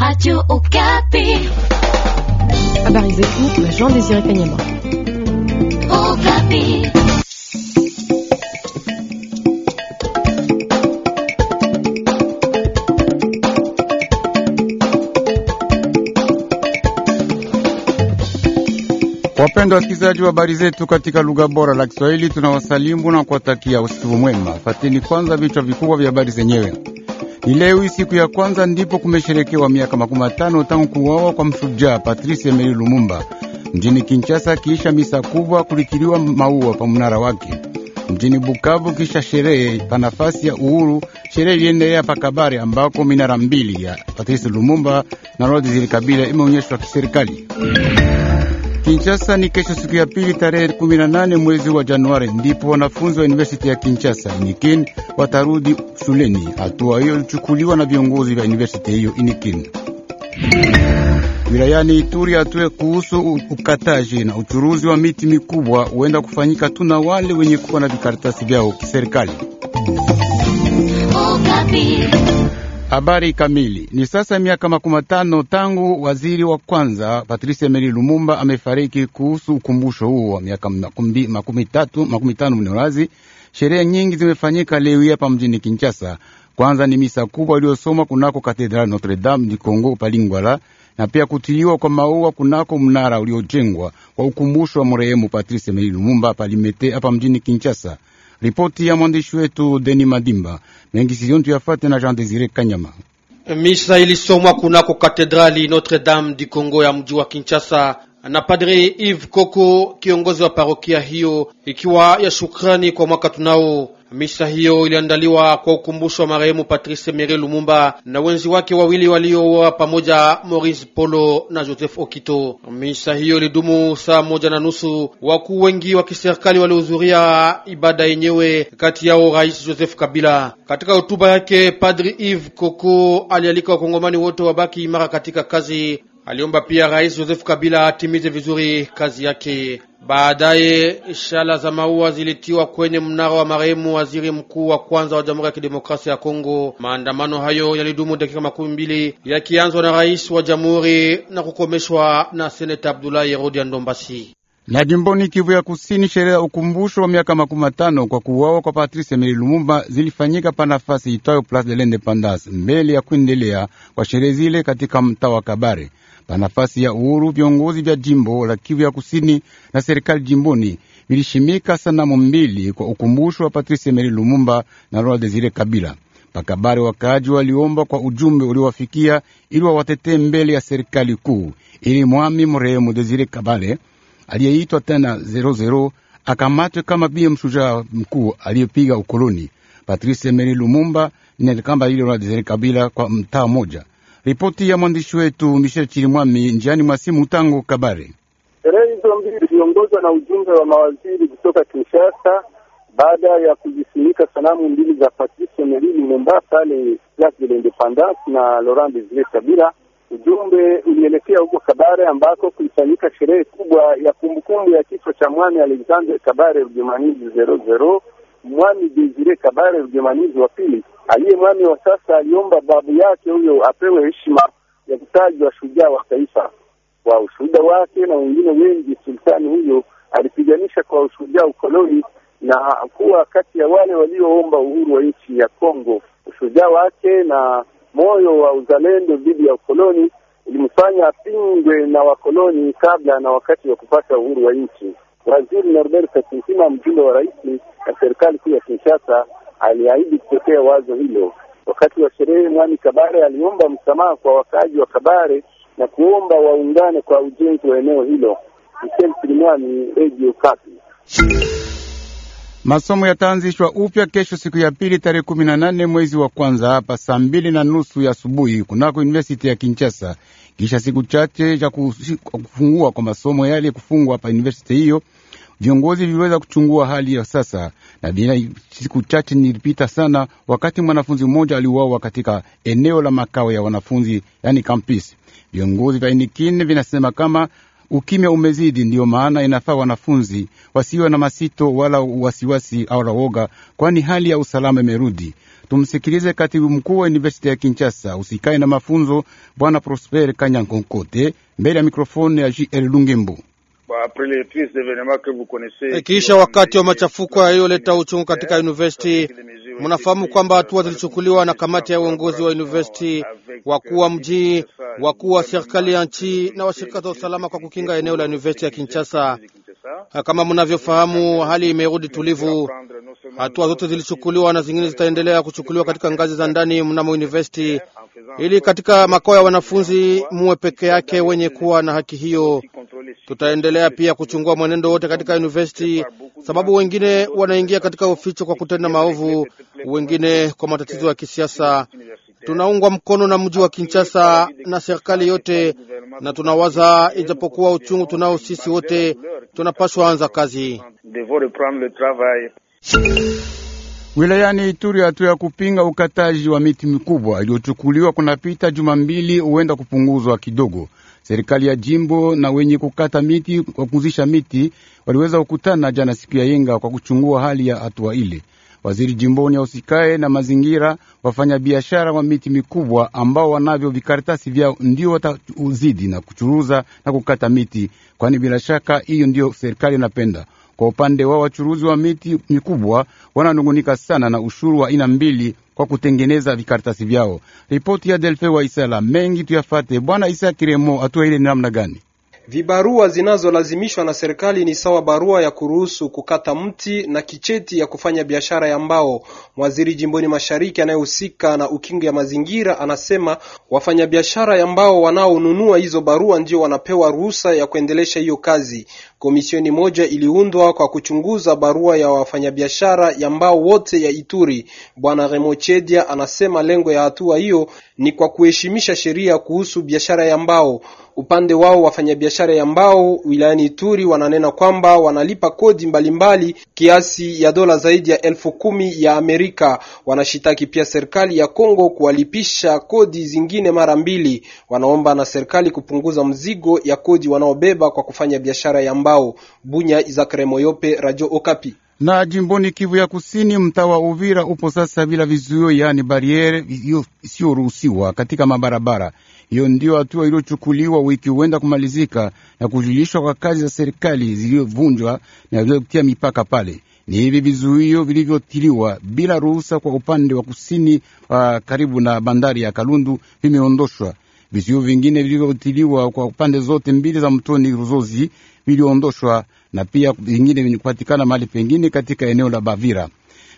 Radio Okapi. Habari zetu na Jean Désiré Kanyama. Okapi. Wapendwa wasikilizaji wa habari zetu katika lugha bora la Kiswahili, tunawasalimu na kuwatakia usiku mwema. Fatini kwanza vichwa vikubwa vya habari zenyewe. Leo siku ya kwanza ndipo kumesherekewa miaka makumi matano tangu kuwawa kwa mshujaa Patrice Emery Lumumba mjini Kinshasa, kisha misa kubwa kulikiliwa maua pa mnara wake mjini Bukavu, kisha sherehe pa nafasi ya uhuru. Sherehe iliendelea pa Kabare ambako minara mbili ya Patrice Lumumba na Rodi zilikabila imeonyeshwa kiserikali. Kinshasa ni kesho siku ya pili tarehe 18 mwezi wa Januari ndipo wanafunzi wa university ya Kinshasa inikin watarudi shuleni. Hatua hiyo ilichukuliwa na viongozi vya university hiyo inikin Wilayani Ituri, atue kuhusu ukataji na uchuruzi wa miti mikubwa huenda kufanyika tu na wale wenye kuwa na vikaratasi vyao kiserikali. Oh, Habari kamili ni sasa miaka makumi tano tangu waziri wa kwanza Patrice Emery Lumumba amefariki. Kuhusu ukumbusho huo wa miaka makumi tatu makumi tano mnerazi, sherehe nyingi zimefanyika leo hapa mjini Kinshasa. Kwanza ni misa kubwa iliyosoma kunako katedrali Notre Dame du Congo Palingwala, na pia kutiliwa kwa maua kunako mnara uliojengwa kwa ukumbusho wa marehemu Patrice Emery Lumumba Palimete hapa mjini Kinshasa. Ripoti ya mwandishi wetu Deni Madimba mengi siyo yafate na Jean Desire Kanyama. Misa ilisomwa kunako katedrali Notre Dame du Congo ya mji wa Kinshasa na Padre Yves Koko, kiongozi wa parokia hiyo, ikiwa ya shukrani kwa mwaka tunao Misa hiyo iliandaliwa kwa ukumbusho wa marehemu Patrice Mere Lumumba na wenzi wake wawili waliouawa pamoja, Maurice Polo na Joseph Okito. Misa hiyo ilidumu saa moja na nusu. Wakuu wengi wa kiserikali walihudhuria ibada yenyewe, kati yao Rais Joseph Kabila. Katika hotuba yake, Padri Eve Koko alialika wakongomani wote wabaki imara katika kazi Aliomba pia Rais Joseph Kabila atimize vizuri kazi yake. Baadaye shala za maua zilitiwa kwenye mnara wa marehemu waziri mkuu wa kwanza wa Jamhuri ya Kidemokrasia ya Kongo. Maandamano hayo yalidumu dakika makumi mbili yakianzwa na rais wa jamhuri na kukomeshwa na seneta Abdulahi ya Ndombasi. Na jimboni Kivu ya Kusini, sherehe ya ukumbusho wa miaka makumi matano kwa kuuawa kwa Patrice Emery Lumumba zilifanyika pa nafasi itayo Place de l'Independance, mbele ya kuendelea kwa sherehe zile katika mtaa wa Kabare pa nafasi ya uhuru. Viongozi vya jimbo la Kivu ya kusini na serikali jimboni vilishimika sanamu mbili kwa ukumbusho wa Patrice Emery Lumumba na Roa Desire Kabila. Pakabari wakaaji waliomba kwa ujumbe uliowafikia ili wawatetee mbele ya serikali kuu, ili mwami mrehemu Desire Kabale aliyeitwa tena zero zero akamatwe kama biye mshujaa mkuu aliyepiga ukoloni. Patrice Emery Lumumba ninalikamba hilo Roa Desire Kabila kwa mtaa moja Ripoti ya mwandishi wetu Michel Chirimwami njiani mwa simu tangu Kabare. Sherehe hizo mbili ziliongozwa na ujumbe wa mawaziri kutoka Kinshasa baada ya kuzisimika sanamu mbili za Patrice Emery Lumumba pale Place de l'Independance na Laurent Desire Kabila. Ujumbe ulielekea huko Kabare ambako kulifanyika sherehe kubwa ya kumbukumbu ya kifo cha mwami Alexander Kabare Ujumanizi zero zero mwami Desire Kabare Rugemanizi wa pili, aliye mwami wa sasa, aliomba babu yake huyo apewe heshima ya kutajwa shujaa wa taifa. Kwa ushuhuda wake na wengine wengi, sultani huyo alipiganisha kwa ushujaa ukoloni na kuwa kati ya wale walioomba uhuru wa nchi ya Kongo. Ushujaa wake na moyo wa uzalendo dhidi ya ukoloni ulimfanya apingwe na wakoloni kabla na wakati wa kupata uhuru wa nchi. Waziri Norbert Kasimsima, mjumbe wa rais na serikali kuu ya Kinshasa, aliahidi kutetea wazo hilo. Wakati wa sherehe, mwani Kabare aliomba msamaha kwa wakazi wa Kabare na kuomba waungane kwa ujenzi wa eneo hilo. Michel Silimwani, Radio Kapi. Masomo yataanzishwa upya kesho siku ya pili tarehe kumi na nane mwezi wa kwanza hapa saa mbili na nusu ya asubuhi kunako University ya Kinshasa. Kisha siku chache cha kufungua kwa masomo yale kufungwa hapa universiti hiyo, viongozi viliweza kuchungua hali ya sasa, na bila siku chache nilipita sana, wakati mwanafunzi mmoja aliuawa katika eneo la makao ya wanafunzi, yani campus. Viongozi vya inikini vinasema kama ukimya umezidi, ndiyo maana inafaa wanafunzi wasiwe na masito wala wasiwasi au woga, kwani hali ya usalama imerudi. Tumsikilize katibu mkuu wa universiti ya Kinshasa usikae na mafunzo bwana Prosper Kanyankonkote mbele ya mikrofoni ya JL Lungembu. Kisha wakati wa machafuko yaliyoleta uchungu katika universiti, mnafahamu kwamba hatua zilichukuliwa na kamati ya uongozi wa universiti, wakuu wa mji, wakuu wa serikali ya nchi na washirika za usalama kwa kukinga eneo la universiti ya Kinshasa. Kama mnavyofahamu, hali imerudi tulivu Hatua zote zilichukuliwa na zingine zitaendelea kuchukuliwa katika ngazi za ndani mnamo university, ili katika makao ya wanafunzi muwe peke yake wenye kuwa na haki hiyo. Tutaendelea pia kuchungua mwenendo wote katika university, sababu wengine wanaingia katika uficho kwa kutenda maovu, wengine kwa matatizo ya kisiasa. Tunaungwa mkono na mji wa Kinshasa na serikali yote, na tunawaza ijapokuwa uchungu tunao sisi wote, tunapaswa anza kazi. Wilayani Ituri, hatua ya kupinga ukataji wa miti mikubwa iliyochukuliwa kunapita juma mbili huenda kupunguzwa kidogo. Serikali ya jimbo na wenye kukata miti kwa kuzisha miti waliweza kukutana jana siku ya Yenga kwa kuchungua hali ya hatua ile. Waziri jimboni ya usikae na mazingira, wafanyabiashara wa miti mikubwa ambao wanavyo vikaratasi vyao ndio watauzidi na kuchuruza na kukata miti, kwani bila shaka hiyo ndiyo serikali inapenda. Kwa upande wa wachuruzi wa miti mikubwa, wananungunika sana na ushuru wa aina mbili kwa kutengeneza vikaratasi vyao. Ripoti ya Delfe wa Isala mengi tuyafate. Bwana Isa Kiremo, hatua ile ni namna gani? Vibarua zinazolazimishwa na serikali ni sawa barua ya kuruhusu kukata mti na kicheti ya kufanya biashara ya mbao. Waziri jimboni mashariki anayehusika na ukingo ya mazingira anasema wafanyabiashara ya mbao wanaonunua hizo barua ndio wanapewa ruhusa ya kuendelesha hiyo kazi komisioni moja iliundwa kwa kuchunguza barua ya wafanyabiashara ya mbao wote ya Ituri. Bwana Remo Chedia anasema lengo ya hatua hiyo ni kwa kuheshimisha sheria kuhusu biashara ya mbao. Upande wao wafanyabiashara ya mbao wilayani Ituri wananena kwamba wanalipa kodi mbalimbali mbali kiasi ya dola zaidi ya elfu kumi ya Amerika. Wanashitaki pia serikali ya Kongo kuwalipisha kodi zingine mara mbili. Wanaomba na serikali kupunguza mzigo ya kodi wanaobeba kwa kufanya biashara ya mbao. Mbao. Bunya, Izakare Moyope, Radio Okapi na jimboni Kivu ya Kusini, mtaa wa Uvira upo sasa bila vizuio, yaani bariere isiyoruhusiwa katika mabarabara. Hiyo ndio hatua iliyochukuliwa wiki huenda kumalizika na kujulishwa kwa kazi za serikali zilizovunjwa na zilizotia mipaka pale. Ni hivi vizuio vilivyotiliwa bila ruhusa kwa upande wa kusini wa ah, karibu na bandari ya Kalundu vimeondoshwa. Vizuio vingine vilivyotiliwa kwa upande zote mbili za mtoni Ruzozi viliondoshwa na pia vingine vyenye kupatikana mahali pengine katika eneo la Bavira.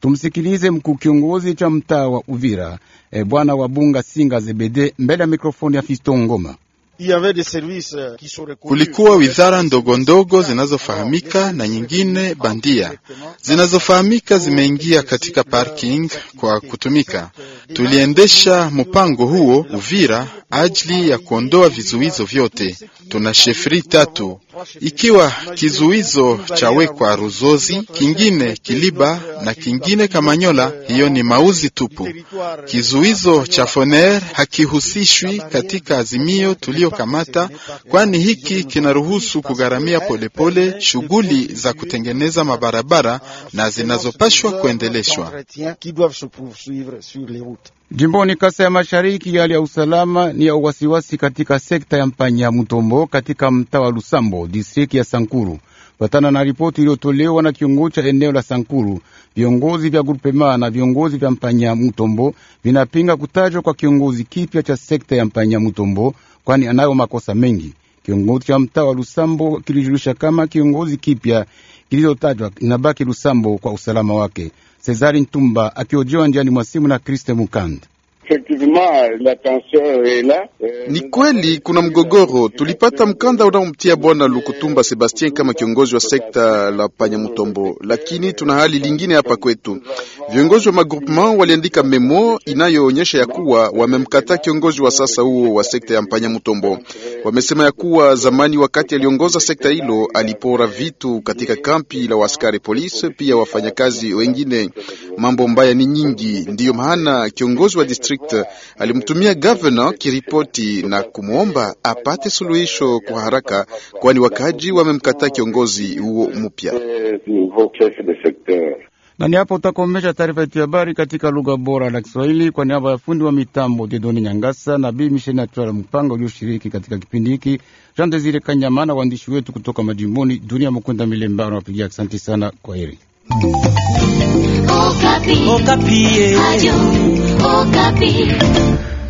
Tumsikilize mkuu kiongozi cha mtaa wa Uvira e, bwana wa Bunga Singa Zebede mbele ya mikrofoni ya Fisto Ngoma. Euh, Kulikuwa wizara ndogo ndogo zinazofahamika na nyingine bandia zinazofahamika zimeingia katika parking kwa kutumika. Tuliendesha mpango huo Uvira ajili ya kuondoa vizuizo vyote. Tuna shefri tatu ikiwa kizuizo cha wekwa Ruzozi, kingine Kiliba na kingine Kamanyola, hiyo ni mauzi tupu. Kizuizo cha Foner hakihusishwi katika azimio tuliyokamata, kwani hiki kinaruhusu kugharamia polepole shughuli za kutengeneza mabarabara na zinazopashwa kuendeleshwa. Jimboni Kasa ya Mashariki, hali ya usalama ni ya uwasiwasi katika sekta ya Mpanya mutombo katika mtaa wa Lusambo, distriki ya Sankuru. Patana na ripoti iliyotolewa na kiongozi cha eneo la Sankuru, viongozi vya Grupema na viongozi vya Mpanya mutombo vinapinga kutajwa kwa kiongozi kipya cha sekta ya Mpanya mutombo kwani anayo makosa mengi. Kiongozi cha mtaa wa Lusambo kilijulisha kama kiongozi kipya kilichotajwa inabaki Lusambo kwa usalama wake. Cesari Ntumba akiojiwa njiani mwa simu na Kriste Mukanda. Euh, Ni kweli kuna mgogoro. Tulipata mkanda unaomtia bwana Lukutumba Sebastien kama kiongozi wa sekta la Panyamutombo, lakini tuna hali lingine hapa kwetu. Viongozi wa magroupement waliandika memo inayoonyesha ya kuwa wamemkataa kiongozi wa sasa huo wa sekta ya Panyamutombo. Wamesema ya kuwa zamani, wakati aliongoza sekta hilo, alipora vitu katika kampi la waskari polisi, pia wafanyakazi wengine Mambo mbaya ni nyingi, ndiyo maana kiongozi wa district alimtumia gavana kiripoti na kumwomba apate suluhisho kwa haraka, kwani wakaji wamemkataa kiongozi huo mpya. Na ni hapo utakomesha taarifa yetu ya habari katika lugha bora la Kiswahili kwa niaba ya fundi wa mitambo Dedoni Nyangasa na Bi Misheni Atwala Mpanga ulioshiriki katika kipindi hiki, Jean Desire Kanyama na waandishi wetu kutoka majimboni Dunia Mukunda Milemba, nawapigia asanti sana. Kwa heri. Okapi. Okapi. Eh.